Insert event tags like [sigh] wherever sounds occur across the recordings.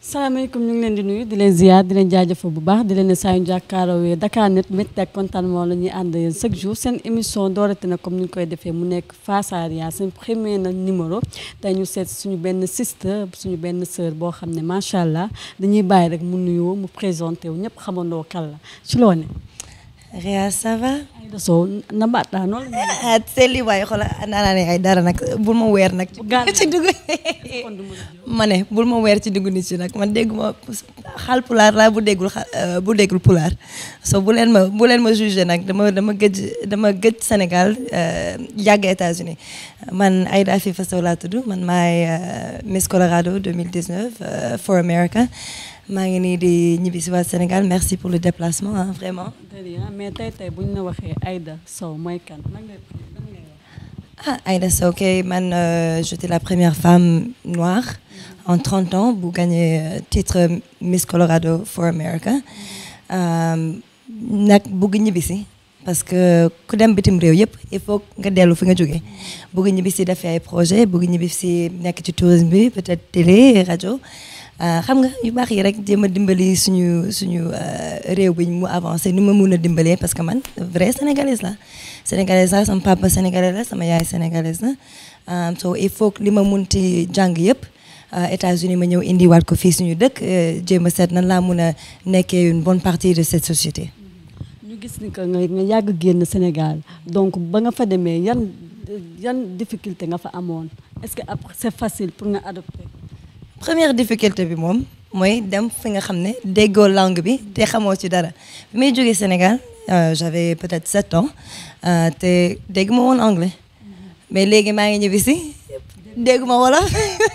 salaamaaleykum ñu ngi leen di nuyu di leen ziar di leen jaajëfal bu baax di leen ne saa yu jàkkaarloo Dakar net mbégte ak contentement la ñuy ànd yéen jour seen émission doorate na comme ni ñu koy defee mu nekk Face à Ria seen premier na numéro tey ñu seet suñu benn sister suñu benn sœur boo xam ne macha allah dañuy bàyyi rek mu nuyoo mu présenté wu ñëpp xamandoo kan la ci loo Réa ça va. Aïda Sow na baataa [laughs] noonu dara nag bul ma weer nag. [laughs] ci dugg ma ne bul ma weer ci dugg nit ci nag man dégg ma xaal pulaar laa bu déggul xa euh, bu déggul pulaar so bu leen ma bu leen ma jugé nag dama dama gëj dama gëj Sénégal euh, yàgg états man Aïda Afifa Sow laa tudd man maay euh, Miss Colorado 2019 for America. maa ngi nii di ñibbi si waa Sénégal merci pour le déplacement hein, vraiment. mais tey tey bu ñu la waxee Aïda Sow mooy kan ah Aïda Sow kay man euh, j'étais la première femme noire en 30 ans bu gagné euh, titre Miss Colorado for America euh, nag bëgg ñibbi si parce que ku dem bitim réew yëpp il faut nga dellu fi nga jógee bëgg ñibbi si dafay ay projet bëgg ñibbi si nekk ci tourisme bi peut-être télé rajo. Euh, xam nga yu baax yi rek jéem a dimbali suñu suñu euh, réew bi mu avancé ni ma mun a dimbalee parce que man vrai sénégalaise la sénégalaise la sama papa sénégalais la sama yaay sénégalaise la euh, so il faut que li ma munti jàng yëpp États-Unis ma ñëw indiwaat ko fii suñu dëkk jéem a seet nan laa mun a nekkee une bonne partie de cette société. ñu gis ni que nga yàgg génn Sénégal donc ba nga fa demee yan yan difficulté nga fa amoon est-ce que après c'est facile pour nga adopter. première difficulté bi moom mooy dem fi nga xam ne déggoo langue bi te xamoo ci dara bi may jógee Sénégal euh, j'avais peut-être sept ans euh, te dégg ma woon anglais mais léegi maa ngi ñibbisi dégg ma wolof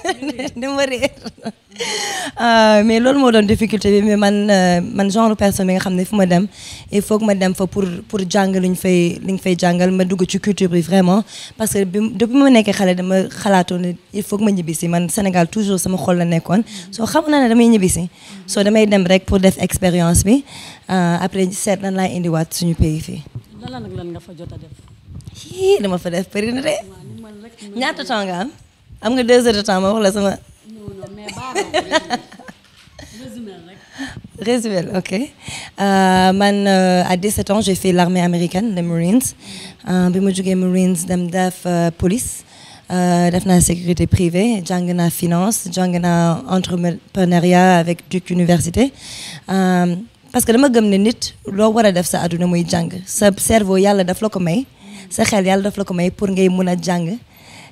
[laughs] dama réer Euh, mais loolu moo doon difficulté bi mais man euh, man genre personne bi nga xam ne fu ma dem il faut que ma dem fa pour pour jàng li ñu fay li ñu fay jàngal ma dugg ci culture bi vraiment parce que bi depuis ma nekkee xale dama xalaatoon ne il faut que ma ñibbisi man Sénégal toujours sama xol la nekkoon soo xam naa ne damay ñibbisi soo damay dem rek pour def expérience bi euh, après seet na laay indiwaat suñu pays fii. lan lan jot a def. dama fa def bëri na de. ñaata temps nga am am nga deux heures de temps ma la sama. résumé ok euh, man euh, à 17 ans j'ai fait l'armée américaine les Marines euh, bi ma jógee Marines dem def police def na sécurité privée jàng naa finance jàng naa entrepreneuriat avec Duke Université parce que dama gëm ne nit loo war a def sa àdduna muy jàng sa cerveau yàlla daf la ko may sa xel yàlla daf la ko may pour ngay mun a jàng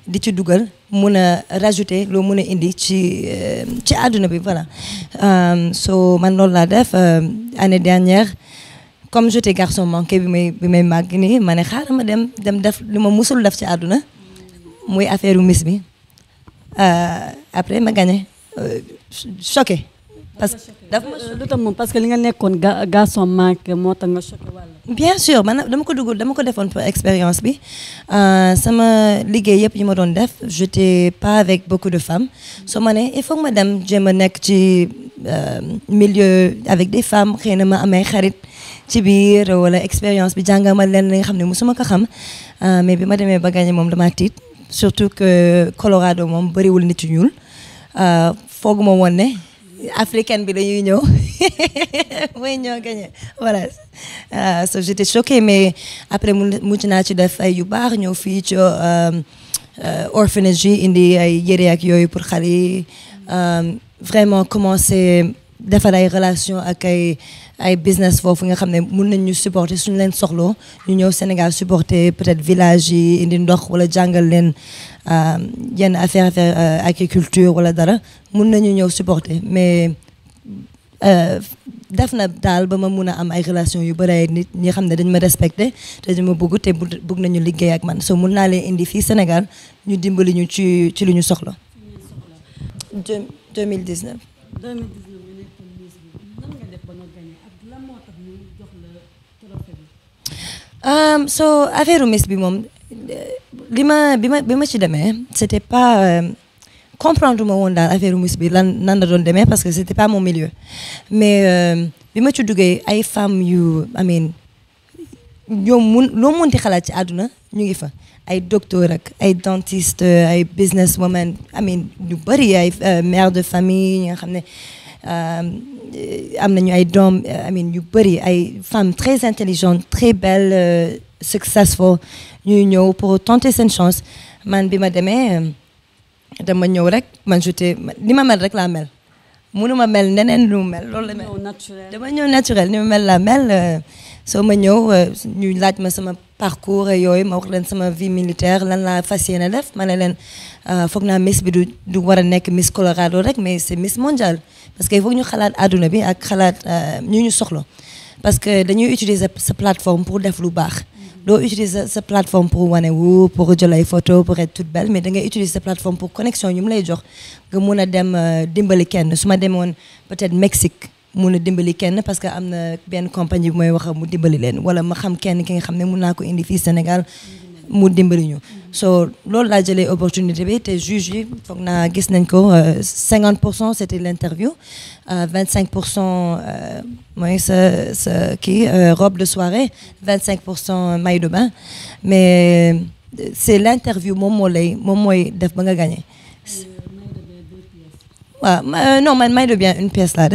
di ci dugal mun a rajouter loo mun a indi ci euh, ci àdduna bi voilà euh, so man loolu laa def euh, année dernière comme j'étais garçon manqué bi may bi may màgg nii ma ne xaaral ma dem dem def li ma musul def ci adduna muy affaire u Miss bi après ma gagné choqué parce que dafa euh, parce que li nga nekkoon garçon manqué moo tax nga choqué wàll. bien sûr man dama ko dugg dama ko defoon pour expérience bi euh, sama liggéey yëpp yi ma doon def j'étais pas avec de femmes soo manee il faut ma dem jéem a nekk ci euh, milieu avec des femmes xëy na ma amee xarit ci biir wala expérience bi jàngal ma leen li nga xam ne musuma ko xam mais bi ma demee ba gagné moom damaa tiit surtout que Colorado moom bëriwul nit yu ñuul foog ma woon ne africaine bi dañuy ñëw mooy ñoo gagné voilà euh, so j'étais choquée mais après mujj naa ci def ay yu baax ñëw fii ci euh, euh, orphanage yi indi ay yére ak yooyu pour xale vraiment commencer defar ay relation ak ay ay business foofu nga xam ne mun nañu ñu supporter suñu leen soxloo ñu ñëw Sénégal supporter peut-être village yi indi ndox wala jàngal leen euh, yenn affaire affaire euh, agriculture wala dara mun nañu ñëw supporter mais euh, def na daal ba ma mun a am ay relation yu bëri nit ñi xam ne dañ ma respecté te dañ ma bëgg te bëgg nañu liggéey ak man so mun naa leen indi fii Sénégal ñu dimbali ñu ci ci lu ñu soxla. 2019. Um, so affaire Miss bi moom euh, li ma bi ma bi ma ci demee c'était pas euh, comprendre ma woon daal affaire Miss bi lan nan la doon demee parce que c'était pas mon milieu mais euh, bi ma ci duggee ay femmes yu I mean ñoom loo munti xalaat ci àdduna ñu ngi fa ay docteur ak ay dentiste ay business woman I mean ñu bëri ay mère de famille ñi nga xam ne Euh, euh, am nañu ay doom euh, amin yu bëri ay femmes très intelligentes très belles successful ñuy ñëw pour tenter seen chance man bi ma demee dama ñëw rek man jotee li ma mel rek laa mel mënu ma mel neneen lu mel loolu la mel dama ñëw naturel ni ma mel laa mel soo ma ñëw ñu laaj ma sama parcours yooyu ma wax leen sama vie militaire lan laa fas yéene def ma ne leen euh, foog naa miss bi du du war a nekk miss Colorado rek mais c'est miss mondiale parce que il faut ñu xalaat àdduna bi ak xalaat euh, ñu ñu soxla parce que dañuy utiliser sa plateforme pour def lu baax doo utiliser sa plateforme pour wane wu pour jël ay photo pour être toute belle mais da ngay utiliser sa plateforme pour connexion yu mu lay jox nga mun a dem euh, dimbali kenn su ma demoon peut-être Mexique mun a dimbali kenn parce que am na benn compagnie mooy wax mu dimbali leen wala ma xam kenn ki nga xam ne mun naa ko indi fii Sénégal mu dimbali ñu. so loolu laa jëlee opportunité bi te juge yi foog naa gis nañ ko 50 euh, pour cent c' était l' interview 25 euh, pour cent euh, mooy sa sa kii robe de soirée pour cent maillot de mais c' est l' interview moom moo lay moom mooy def ba nga gagné. waaw non man maillot une pièce laa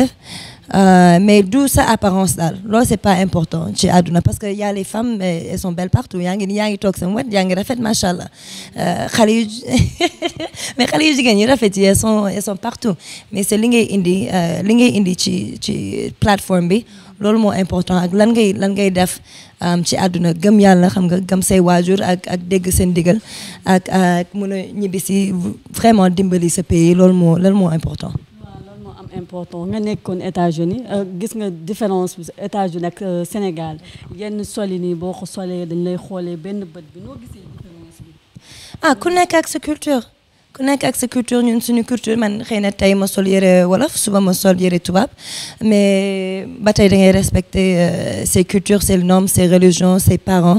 Euh, mais dou sa apparence daal loolu c'est pas important ci àdduna parce que y a les femmes elles sont partout yaa ngi yaa ngi toog sama wet yaa ngi rafet macha allah euh, xale [laughs] mais xale yu jigéen yi rafet yi son sont elles sont partout mais c'est li ngay indi euh, li ngay indi ci ci plateforme bi loolu moo important ak lan ngay lan ngay def ci àdduna gëm yàlla xam nga gëm say waajur ak ak dégg seen digal ak ak mun a si vraiment dimbali sa pays loolu moo moo important. important nga nekkoon États-Unis euh, gis nga différence bi États-Unis ak euh, Sénégal yenn soli nii boo ko solee dañ lay xoolee benn bët bi noo gisee différence bi. ah ku nekk ku nekk ak sa culture ñun suñu culture man xëy na tey ma sol yëre wolof suba ma sol yëre tubaab mais ba tey da ngay respecter euh, ses cultures ses normes ses religions ses parents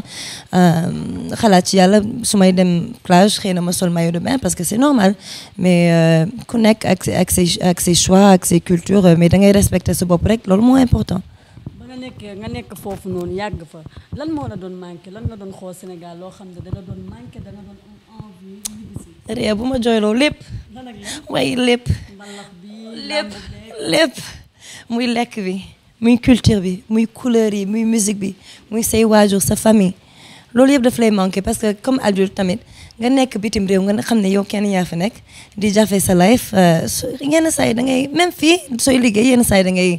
euh, xalaat ci yàlla su may dem plage xëy na ma sol maillot parce que c'est normal mais euh, ku nekk ak ak ses ak ses choix ak ses cultures mais da ngay sa bopp rek loolu moo important. nekkee nga nekk foofu noonu yàgg fa lan moo la doon manqué lan nga doon xool Sénégal xam ne da doon manqué da ree bu ma jooyloo lépp waaye lépp lépp lépp muy lekk bi muy culture bi muy couleur yi muy musique bi muy say waajur sa famille loolu yëpp daf lay manqué parce que comme adulte tamit nga nekk bitim réew nga xam ne yow kenn yaa fi nekk di jafe sa life euh, su yenn saa yi da ngay même fii sooy liggéey yenn saa yi da ngay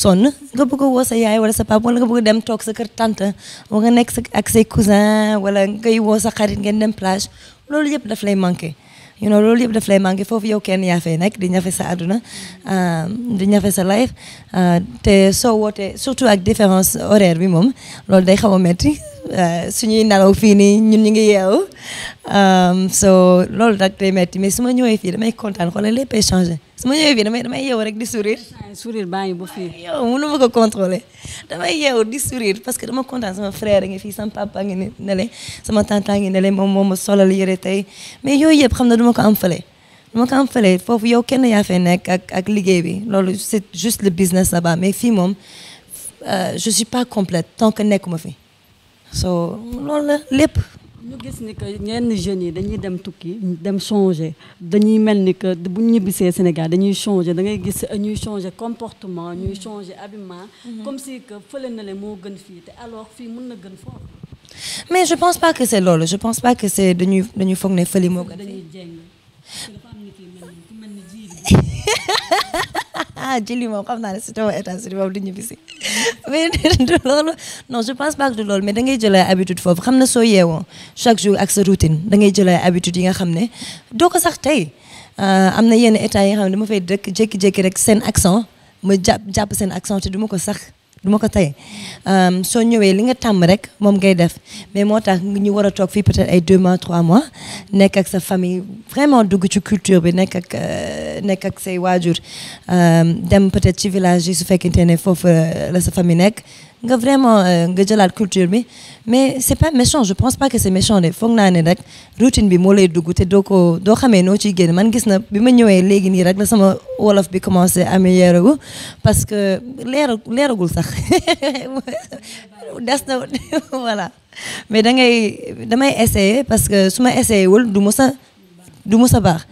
sonn nga bëgg a woo sa yaay wala sa papa wala nga bëgg dem toog sa kër tante wala nga nekk sa ak say cousin wala ngay woo sa xarit ngeen dem plage loolu yëpp daf lay manqué you know loolu yëpp daf lay manqué foofu yow kenn yaa fay nekk di ñafe sa àdduna euh, di ñafe sa life euh, te soo wootee surtout ak différence horaire bi moom loolu day xaw Euh, suñuy nelaw fii nii ñun ñu ngi yeewu um, so loolu nag day metti mais su ma ñëwee fii damay kontaan lépp ay changé su ma ñëwee fii damay damay yeewu rek di sourire. sourire baa ngi ba fii. yow mënu ma ko contrôler damay yeewu di sourire parce que dama kontaan sama frère ngi fii sama papa ngi ne le sama tante ngi ne le moom ma solal yëre tey mais yooyu yëpp xam na du ko am fële. du ma ko am fële foofu yow kenn yaa fay nekk ak ak liggéey bi loolu c'est juste le business là-bas mais fii moom euh, je suis pas complete tant que nekkuma fi. so loolu la lépp. ñu gis ni que ñenn jeunes yi dañuy dem tukki dem changer dañuy mel ni que bu ñibbisee Sénégal dañuy changer da ngay gis ñuy changer comportement ñuy mm-hmm. changer habillement. Mm-hmm. comme si que fële na le moo gën fii te alors fii mun na gën foofu. mais je pense pas que c'est loolu je pense pas que c'est dañuy dañuy foog ne fële moo gën. dañuy jeng [laughs] ah jëli moom xam naa ne si taw États-Unis moom du ñibbi si mais [laughs] du loolu non je pense pas que du loolu mais da ngay jël ay habitude foofu xam na soo yeewoo chaque jour ak sa routine da ngay jël ay habitude yi nga xam ne doo ko sax tey ah, am na yenn état yi nga xam ne dama fay dëkk jékki-jékki rek seen accent ma jàpp jàpp seen accent te du ko sax du ma ko tey euh, soo ñëwee li nga tàmm rek moom ngay def mais moo tax nga ñu war a toog fii peut ay deux mois trois mois nekk ak sa famille vraiment dugg ci culture bi nekk ak euh, nekk ak say waajur euh, dem peut-être ci village yi su fekkente ne foofu la sa famille nekk nga vraiment euh, nga jëlaat culture bi mais c'est pas méchant je pense pas que c'est méchant de foog naa ne rek routine bi moo lay dugg te doo ko doo xamee noo ciy génn man gis na bi ma ñëwee léegi nii rek la sama wolof bi commencé améliorer wu parce que leera leeragul sax [laughs] des na [laughs] voilà mais da ngay damay essayer parce que su ma essayer wul du mës du mës a baax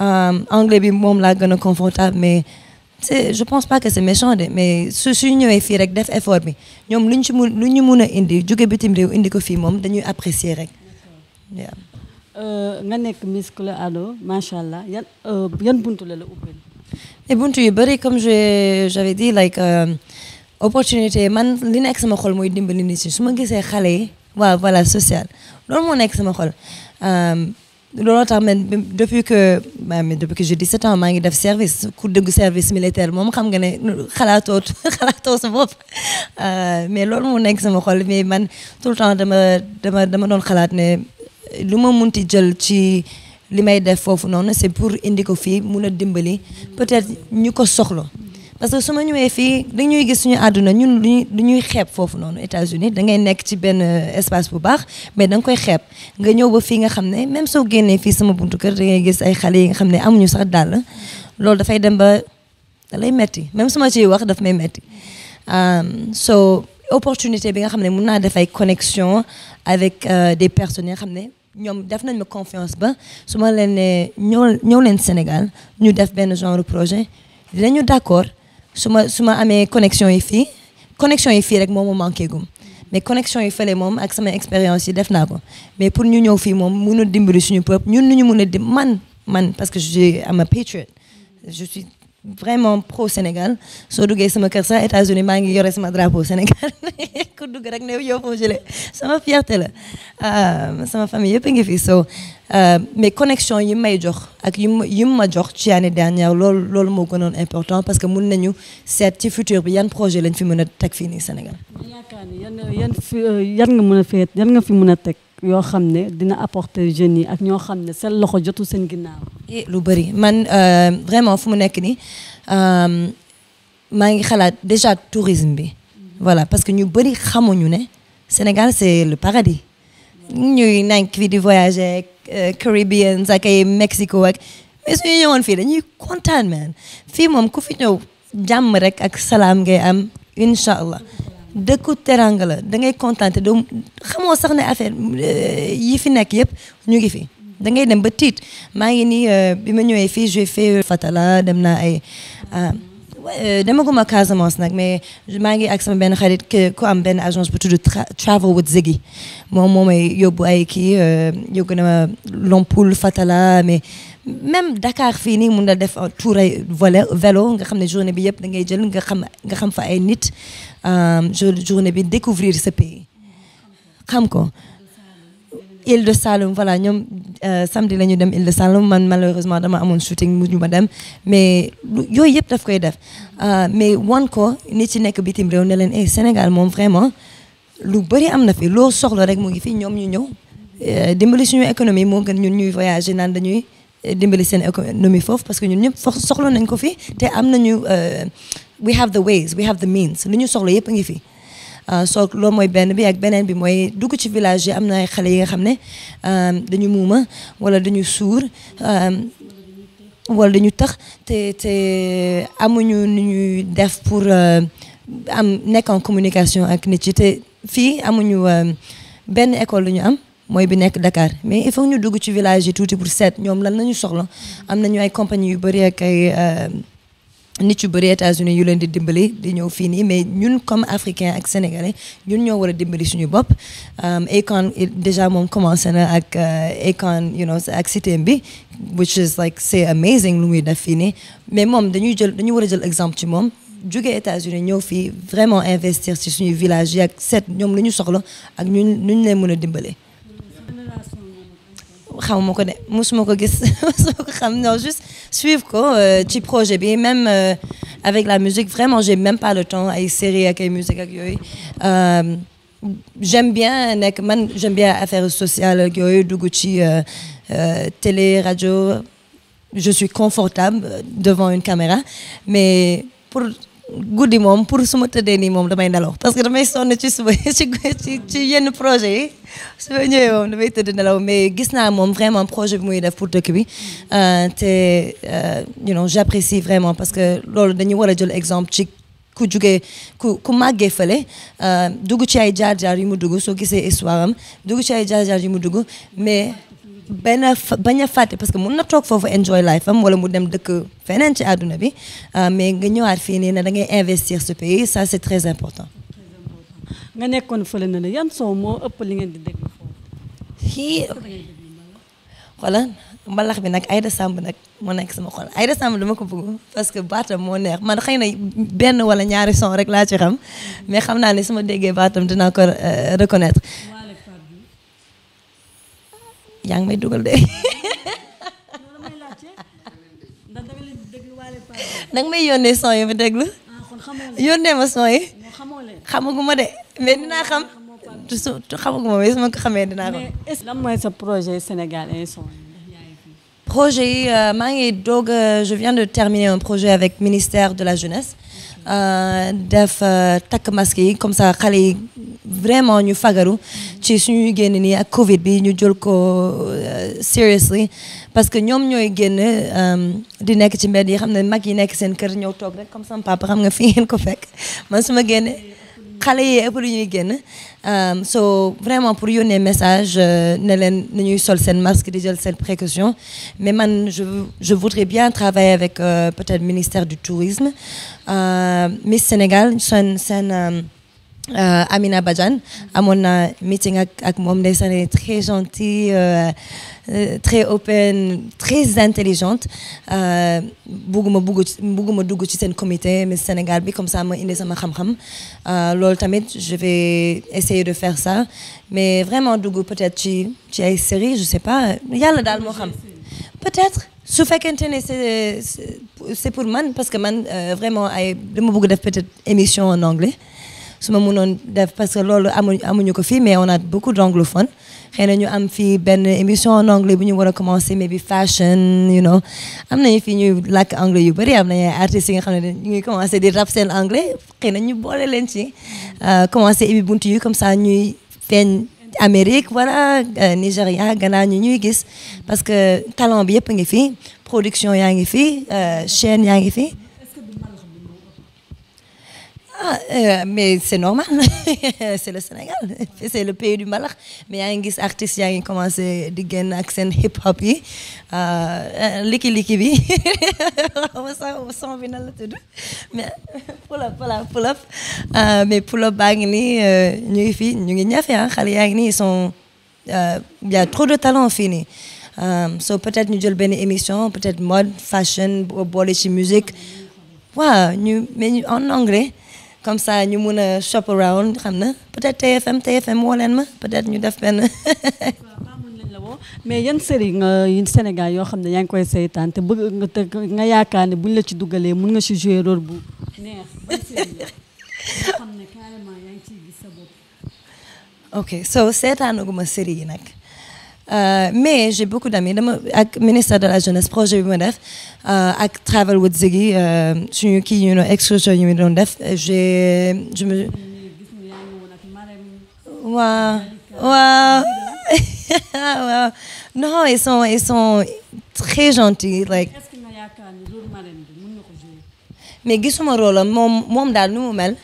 euh, anglais bi moom laa gën a confortable mais c'est je pense pas que c'est méchant de mais su suñu ñëwee fii rek def effort bi ñoom luñ ci mun lu ñu mun a indi jóge bitim réew indi ko fii moom dañuy apprécier rek waaw euh, nga nekk Miss Couleur Ado macha allah yan euh, yan buntu la la ubbil buntu yu bëri comme je j'avais dit like euh, opportunité man li nekk sama xol mooy dimbali nit ñi su ma gisee xale yi waaw voilà social loolu moo nekk sama xol looloo tax man que waaw mais depuis que j'ai 17 maa ngi def service ku dëgg service militaire moom xam nga ne xalaatoo [laughs] xalaatoo sa bopp euh, mais loolu mu nekk sama xol mais man tout le temps dama dama dama doon xalaat ne lu ma munti jël ci li may def foofu noonu c'est pour indi ko fii mun a dimbali peut-être ñu ko soxla. parce que su ma ñëwee fii dañuy gis suñu àdduna ñun lu ñuy xeeb foofu noonu états uni da ngay nekk ci benn euh, espace bu baax mais da nga koy xeeb nga ñëw ba fii nga xam ne même soo génnee fii sama buntu kër da ngay gis ay xale yi nga xam ne amuñu sax dàll loolu dafay dem ba dalay lay metti même suma ma wax daf may metti euh, so opportunité bi nga xam ne mun naa def ay connexion avec euh, des personnes xam ne ñoom def nañ ma confiance ba suma leen ne ñëw ñëw leen Sénégal ñu def benn genre projet dinañu d'accord su ma su ma amee connexion yi fii connexion yi fii rek moom mu manqué gum mais connexion yi fële moom ak sama expérience yi def naa ko mais pour ñu ñëw fii moom mun a dimbali suñu peuple ñun ñu mun a dim man man parce que je suis ama a patriote vraiment pro Sénégal soo duggee sama kër sax États-Unis maa ngi yore sama drapeau Sénégal [laughs] ku dugg rek ne yow foo jëlee sama la euh, sama famille yëpp ngi fi so euh, mais connexion yi may jox ak yu yu ma jox ci année dernière loolu loolu moo gënoon important parce que mun nañu seet ci futur bi yan projet lañ fi mun a teg fii nii Sénégal. yaakaar ni euh, a nga fi mën a teg. yoo xam ne dina apporter jeunes yi ak ñoo xam ne seen loxo jotu seen ginnaaw. Eh, lu bëri man euh, vraiment fu mu nekk nii euh, maa ngi xalaat déjà tourisme bi. voilà parce que ñu bëri xamuñu ne Sénégal c'est le paradis. ñuy nank fii di voyager ak euh, Caribbean ak ay Mexico ak mais suñu ñëwoon fii dañuy kontaan man fii moom ku fi ñëw jàmm rek ak salaam ngay am incha allah. dëkku teranga la da ngay kontaan te doo xamoo sax ne affaire euh, yi fi nekk yëpp ñu ngi fi. da dem ba tiit maa ngi nii euh, bi ma ñëwee fii j'ai fait Fatala dem naa ay ah, euh, demaguma Casamance nag mais maa ngi ak sama benn xarit ku am benn agence bu tudd Travel with Ziggy moom moo may yóbbu ay kii yóbbu na ma Fatala mais. même dakaar fii nii mun na def tour ay volet vélo nga xam ne journée bi yëpp da ngay jël nga xam nga xam fa ay nit euh, journée bi découvrir ce pays xam ko Île de Saloum voilà ñoom euh, samedi la ñu dem Île de Saloum man malheureusement dama amoon shooting mu ñu ma dem mais yooyu yëpp daf koy def euh, mais wan ko nit ci nekk bitim réew ne leen eh Sénégal moom vraiment lu bëri am na fi loo soxla rek mu ngi fi ñoom ñu ñëw dimbali suñu économie moo gën ñun ñuy voyager naan dañuy dimbali seen économie foofu parce que ñun ñëpp soxla nañ ko fi te am nañu euh, we have the ways we have the means lu ñu soxla yëpp ngi fi. Euh, so loo mooy benn bi ak beneen bi mooy dugg ci village am na ay xale yi nga xam ne euh, dañu muuma wala dañu suur wala dañu tax te te amuñu nu ñuy def pour am nekk en communication ak nit yi te fii amuñu benn école lu ñu am. mooy bi nekk dakaar mais il faut ñu dugg ci village yi tuuti pour seet ñoom lan nañu soxla am nañu ay compagnie yu bëri ak ay euh, nit yu bëri États-Unis yu leen di dimbali di ñëw fii nii mais ñun comme africain ak sénégalais ñun ñoo war a dimbali suñu bopp euh, Akon déjà moom commencé na ak euh, Akon you know ak cité bi which is like lu muy def fii nii mais moom dañuy jël dañu war a jël exemple ci moom jóge États-Unis ñëw fii vraiment investir ci suñu village ak seet ñoom lu ñu soxla ak ñun ñu leen mën a dimbali xaw ma ko de mosuma ko gis [laughs] mosuma ko xam non juste suivre ko euh, ci projet bi même euh, avec la musique vraiment j'ai même pas le temps ay série ak ay musique ak yooyu euh, j'aime bien nekk man j'aime bien affaire sociale ak yooyu dugg ci télé radio je suis confortable devant une caméra mais pour guddi moom pour su ma tëddee nii moom damay nelaw parce que damay sonn ci suba [laughs] ci ci yenn projet yi su ma moom damay tëdd nelaw mais gis naa moom vraiment projet bi muy def pour dëkk bi euh, te euh, you know j'apprécie vraiment parce que loolu dañu war a jël exemple ci ku jugee ku ku màggee fële euh, dugg ci ay jaar-jaar yu mu dugg soo gisee histoire am dugg ci ay jaar-jaar yu mu dugg mais benn bañ fàtte parce que mun na toog foofu enjoy life am wala mu dem dëkk feneen ci àdduna bi euh, mais nga ñëwaat fii nii ne dangay ngay investir ce pays ça c'est très important. nga nekkoon fële na la yan soo moo ëpp li ngeen di dégg foofu. xoolal mbalax bi nag Aïda Samb nag moo nekk sama xol Aïda Samb dama ko bëgg parce que baatam moo neex man xëy na benn wala ñaari son rek laa ci xam mais xam naa ne su ma déggee baatam dinaa ko euh, reconnaître yaa ngi may dugal de danga may yónnee son yo ma déglu yónnee ma son yi xamaguma de mais dinaa xam xamaguma mais su ma ko xam. lan projet Sénégal Instant. projet yi euh, maa ngi doog euh, je viens de terminer un projet avec ministère de la jeunesse. Euh, def euh, takk maski yi comme ça xale yi vraiment ñu fagaru ci suñuy génn nii ak Covid bi ñu jël ko euh, seriously parce que ñoom ñooy génn di nekk ci mbedd yi xam ne mag yi nekk seen kër ñëw toog rek comme sama papa xam nga fi ngeen ko fekk man su xale yi ëpp lu ñuy génn euh, so vraiment pour yónnee message euh, ne leen na ñuy sol seen masque di jël seen précaution mais man je je voudrais bien travailler avec euh, peut-être ministère du tourisme Miss Sénégal seen seen Euh, Amina Badiane amoon na meeting ak ak moom ndeysaan très gentille euh, euh, très open très intelligente bugguma bugg bugguma dugg ci seen comité Miss Sénégal bi comme ça ma indi sama xam-xam loolu tamit je vais essayer de faire ça mais vraiment dugg peut-être ci ci ay série je sais pas yàlla daal moo xam peut-être su fekkente ne c'est c'est pour man parce que man vraiment ay dama bëgg def peut-être émission en anglais su ma mënoon def parce que loolu amuñu amuñu ko fii mais on a beaucoup d'anglophones xëy na ñu am fii benn émission en bu ñu war a commencer mais bi fashion you know am nañu fii ñuy lakk anglais yu bëri am nañu ay artistes yi nga xam ni ñu ngi commencer di rap seen anglais xëy na ñu boole leen ci euh, commencer ibi buntu yu comme ça ñuy feeñ Amérique voilà euh, Nigéria Ghana ñu ñuy gis parce que talent bi yëpp nga fii production yaa ngi fii euh, chaîne yaa ngi fii ah euh, mais c'est normal [laughs] c'est le Sénégal [laughs] c'est le pays du mbalax mais yaa ngi gis artistes yaa ngi commencé di génn ak seen hip hop yi ah, liki liki bi son [laughs] bi nan la tudd mais pull up voilà pull up ah, mais pull up baa ngi nii euh, ñu ngi fii ñu ngi ñafe ah xale yaa ngi nii ils sont il euh, y a trop de talent fii nii um, so peut-être ñu jël benn émission peut-être mode fashion boole ci musique waaw ñu mais en anglais. comme saa ñu mun a shop around xam na peut-être TFM TFM woo leen ma peut-être ñu def benn. mais yan série euh, nga yu Sénégal yoo xam ne yaa ngi koy saytaan te bëgg nga te nga yaakaar ne buñ la ci duggalee mun nga si jouer rôle bu neex ban série ngi ciy gis sa bopp. ok so seetaanaguma série yi nag. Euh, mais j'ai beaucoup d'amis dama ak ministère de la jeunesse projet bi ma def euh, ak Travel with Ziggy euh, suñu kii ñu doon excursion yi ñu doon def j'ai je me waaw waaw waaw [laughs] non ils sont ils like mais gisuma rôle moom moom daal nu mu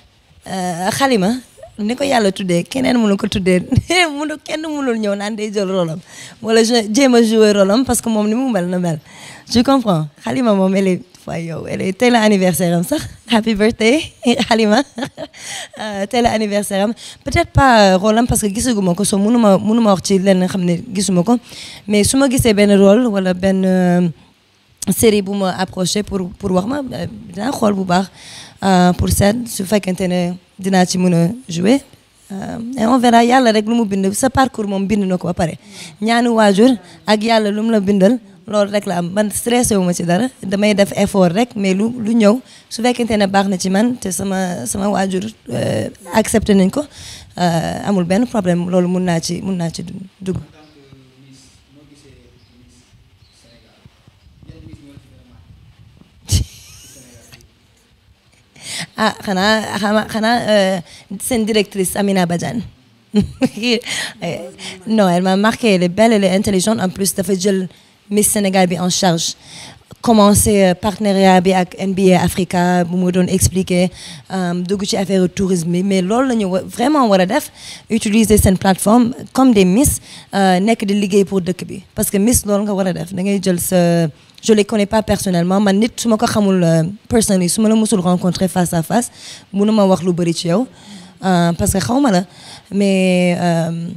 xalima ni ko yàlla tuddee keneen mënu ko tuddee [laughs] mënu kenn mënul ñëw naan day jël rôlam wala jéem a jouer rôlam parce que moom ni mu mel na mel je comprends Halima moom elle est waaye yow elle est tey la anniversaire am sax happy birthday Halima [laughs] [laughs] euh, tey anniversaire am peut-être pas euh, rôle parce que gisaguma ko soo mënuma mënuma wax ci lenn xam ne gisuma ko mais su ma gisee benn rôle wala benn euh, série bu ma approché pour pour wax ma dinaa xool bu baax pour seet su fekkente ne dinaa ci mun a jouer euh, et yàlla rek lu mu bind sa parcours moom bind na ko ba pare ñaani waajur ak yàlla lu mu la bindal loolu rek la am man stressé wu ma ci dara damay def effort rek mais lu lu ñëw su fekkente ne baax na ci man te sama sama waajur euh, accepté nañ ko euh, amul benn problème loolu mun naa ci mun naa ci dugg ah xanaa xanaa xanaa seen directrice Amina Badiane [laughs] euh, non elle m'a marqué elle est belle elle est intelligente en plus dafa jël mis Sénégal bi en charge commencé euh, partenariat bi ak NBA Africa bu mu doon expliquer euh, dugg ci affaire tourisme bi mais loolu la ñu vraiment war a def utiliser seen plateforme comme des mis nekk di liggéey pour dëkk bi parce que Miss loolu nga war a def da ngay jël sa je les connais pas personnellement man nit su ma ko xamul euh, personally su ma la mosul a fas à face mënuma wax lu bëri ci yow euh, parce que xaw ma la mais euh,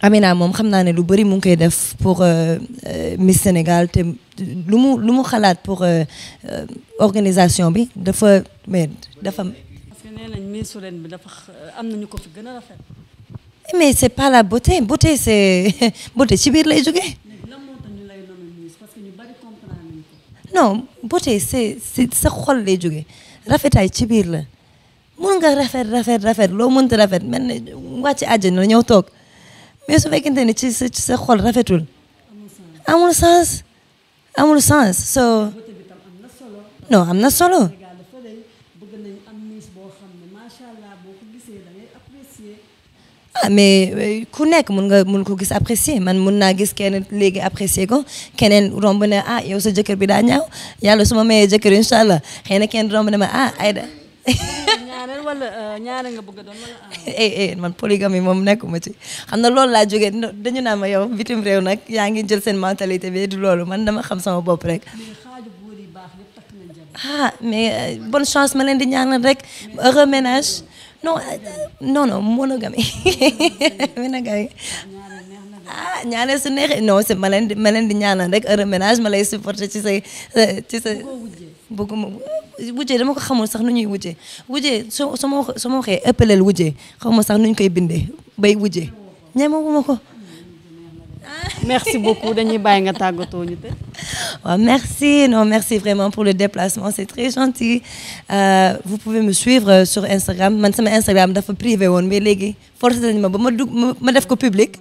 Amina moom xam naa ne lu bëri mu ngi koy def pour Miss Sénégal te lu mu lu mu xalaat pour organisation bi dafa mais dafa. parce que nee nañ Miss ren bi dafa am nañu ko gën a mais c'est pas la beauté beauté c'est [laughs] ci biir lay jógee. non beauté c'est c'est sa xol lay jógee rafetaay ci biir la mun nga rafet rafet rafet loo mënta rafet mel ne wàcc àjjana la ñëw toog mais su fekkente ne ci sa ci rafetul amul sens amul sens so non am na solo ah mais ku nekk mun nga mun ko gis apprécier man mun naa gis kenn léegi apprécier ko keneen romb ne ah yow sa jëkkër bi daa ñaaw yàlla su ma mayee jëkkër incha allah xëy na kenn romb ne ma ah Aida. ñaareel wala ñaareel nga bëgg a doon wala ah. man polygamie moom nekkuma ci xam na loolu laa jógee dañu naa ma yow bitim réew nag yaa ngi jël seen mentalité bi du loolu man dama xam sama bop rek. ah mais bonne chance ma leen di ñaanal rek reménage non eh, eh, non non monogamie [laughs] monogamie ah ñaanal su neexee non si ma leen di ma leen di ñaanal rek heureux ménage mala lay supporter ci say eh, ci sa bëgguma wujjee dama ko xamul sax nu ñuy wujjee wujjee soo sama sama waxee ëppaleel wujjee xaw ma sax nu ñu koy bindee bay wuje ñemewuma ko merci beaucoup dañuy bàyyi nga tàggatoo ñu te waaw merci non merci vraiment pour le déplacement c'est très gentil euh, vous pouvez me suivre sur Instagram man sama Instagram dafa privé woon mais léegi forcé nañ ma ba ma dugg ma def ko public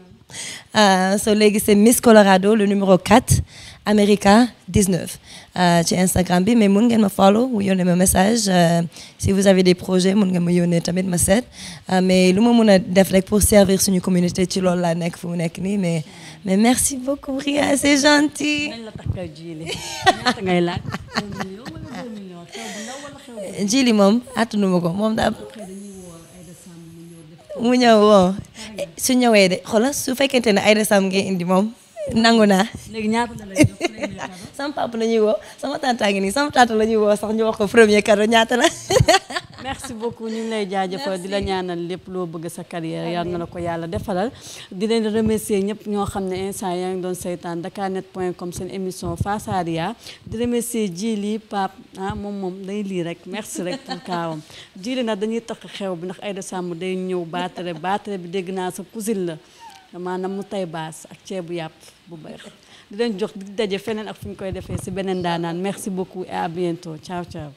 euh, so léegi c'est Miss Colorado le numéro 4 America 19 euh, ci Instagram bi mais mun ngeen ma follow mu yónnee ma message euh, si vous avez des projets mun ngeen ma yónnee tamit ma seet euh, mais lu ma mun a def rek pour servir suñu communauté ci loolu laa nekk fu mu nekk nii mais mais merci beaucoup Ria c'est gentil. [laughs] jili moom attanu ma ko moom daa. mu ñëw woo eh, su ñëwee de xoolal su fekkente ne Aïda Sam ngay indi moom. nangu naa. léegi ñaata la lay jox [laughs] sama papa la ñuy woo sama tante ngi nii sama tante la ñuy woo sax ñu wax ko premier cadeau ñaata la. [laughs] merci beaucoup ñu ngi lay jaajëfal di la ñaanal lépp loo bëgg sa carrière yal na la ko yàlla defalal. di leen remercier ñëpp ñoo xam ne instant yaa ngi doon seytaan saytaan dakarnet.com seen émission Face à di remercier Jili Pape ah moom moom day lii rek merci rek pour kaawam Jili nag dañuy tax xew bi ndax Aïda sàmm day ñëw baatare baatare bi dégg naa sa cousine la. maanaam mu tay baas ak ceebu yàpp bu bëri di leen jox di daje feneen ak fu ñu koy defee si beneen daanaan merci beaucoup et à bientôt caaw ciao